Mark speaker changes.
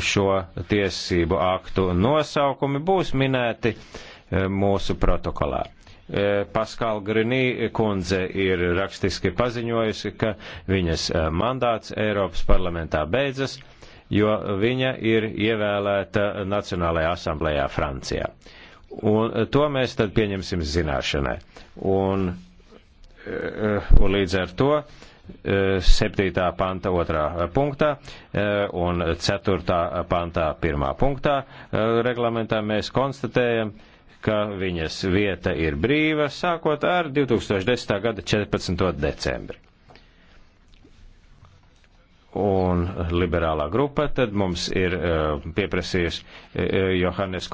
Speaker 1: šo tiesību aktu nosaukumi būs minēti e, mūsu protokolā. E, Paskal Grinī kundze ir rakstiski paziņojusi, ka viņas e, mandāts Eiropas parlamentā beidzas, jo viņa ir ievēlēta Nacionālajā asamblējā Francijā. Un to mēs tad pieņemsim zināšanai. Un Eh, un līdz ar to 7. Eh, panta 2. Eh, punktā un 4. pantā 1. punktā reglamentā mēs konstatējam, ka viņas vieta ir brīva sākot ar 2010. gada 14. decembri. Un liberālā grupa tad mums ir pieprasījusi Johannes Kornelijas.